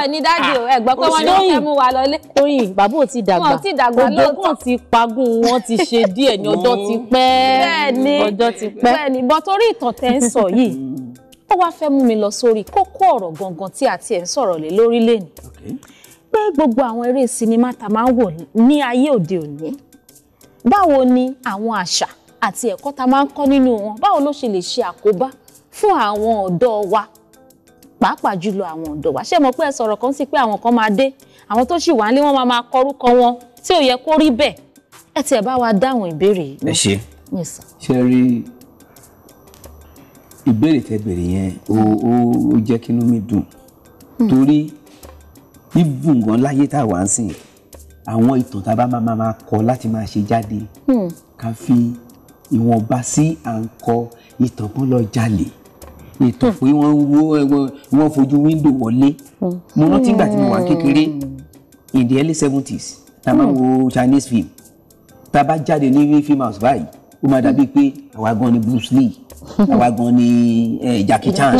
ẹ ní dáàdì o ẹ gbọ́ pé wọ́n ní wọ́n fẹ́ mú wa lọlé. Tóyìn bàbá ò ti dàgbà wọn ò ti dàgbà lóòótọ́ ògbókùn ti pagún wọn ti ṣe díẹ̀ ní ọjọ́ ti pẹ́ ọjọ́ ti pẹ́. bẹ́ẹ̀ni bọ torí ìtàn tẹ́ ń sọ yìí ó wá fẹ́ mú mi lọ sórí kókó ọ̀rọ̀ gangan tí àti ẹ ń sọ̀rọ̀ lé lórí lẹni pé gbogbo àwọn eré sinimá tá máa ń wò ní ayé òde òní báwo ni àwọn àṣà àti ẹ̀kọ́ tá máa ń kọ́ nínú wọn báwo ló ṣe lè ṣe àkóbá fún àwọn ọ̀dọ́ wa pàápàá jùlọ àwọn ọ̀dọ́ wa ṣé mo pé ẹ sọ̀rọ̀ kan sí pé àwọn kan máa dé àwọn tó sì wà nílé wọn máa máa kọrúkọ wọn tí ò yẹ kó rí bẹ́ẹ̀ ẹ tiẹ̀ bá wa dáhùn ìbéèrè yìí. ẹ ṣe ṣe rí ìbéèrè tẹ́ béèrè yẹn ó ó jẹ́ kí inú mi dùn hmm. torí bíbùn gan láyé tá a wà ń sìn àwọn ìtàn tá a bá máa máa kọ láti máa ṣe jáde hmm. ká fi ìwọ̀nba sí à ń kọ ìtàn kan lọ jalè ètò pé wọ́n wọ́n fojú wíńdò wọlé mo hmm. rántí ìgbà tí mo wà kékeré hmm. in the early seventies tá a máa hmm. wo Chinese film tá a bá jáde ní film house báyìí ó máa dàbí pé àwa gan ni Bruce Lee àwa gan ni Jackie Chan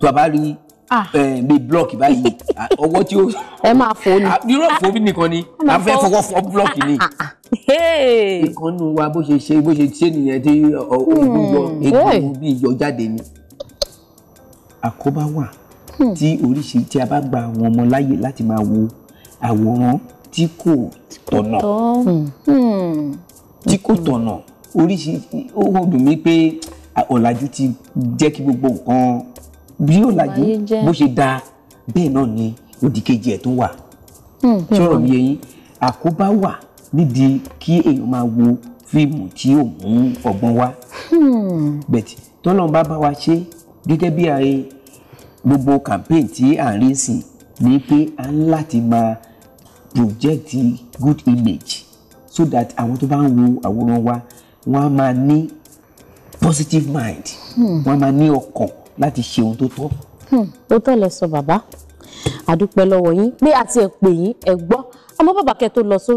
tó a bá rí ah. bí blọọkì báyìí ọwọ́ tí ó. ẹ máa fò ni. irọ́ fò mí nìkan ni a fẹ́ fọwọ́ fọ blọọkì ni. ìkànnì wa bó ṣe ṣe bó ṣe ṣe nìyẹn tí ọ̀gbìn yọ egbò bíi yọ jáde ni àkóbá wà hmm. tí oríṣi tí a bá gba àwọn ọmọ láyè láti máa wo àwòrán tí kò tọ̀nà hmm. tí kò tọ̀nà oríṣi ó hàn dùn mí pé ọ̀làjú ti jẹ́ kí gbogbo nǹkan bí ọ̀làjú bó ṣe da bẹ́ẹ̀ náà ni òdìkejì ẹ̀ tó wà hmm. ṣọ̀rọ̀ mi yẹn àkóbá wà nídìí kí èèyàn máa wo fíìmù tí ò mú ọgbọ́n wá bẹ̀tì tọ́lọ́n bá wa ṣe gẹ́gẹ́ bí ààrẹ gbogbo campaign tí à ń rí sí ni pé a ń láti máa project good image so that àwọn tó bá ń wo àwòrán wa wọ́n á máa ní positive mind hmm. wọ́n á máa ní ọkàn láti ṣe ohun tó tọ́. Hmm. ó tẹ̀lé sọ bàbá àdúpẹ́ lọ́wọ́ yín pé àti ẹ̀ pè yín ẹ̀ gbọ́ àmọ́ bàbá kẹ́ tó lọ sórí.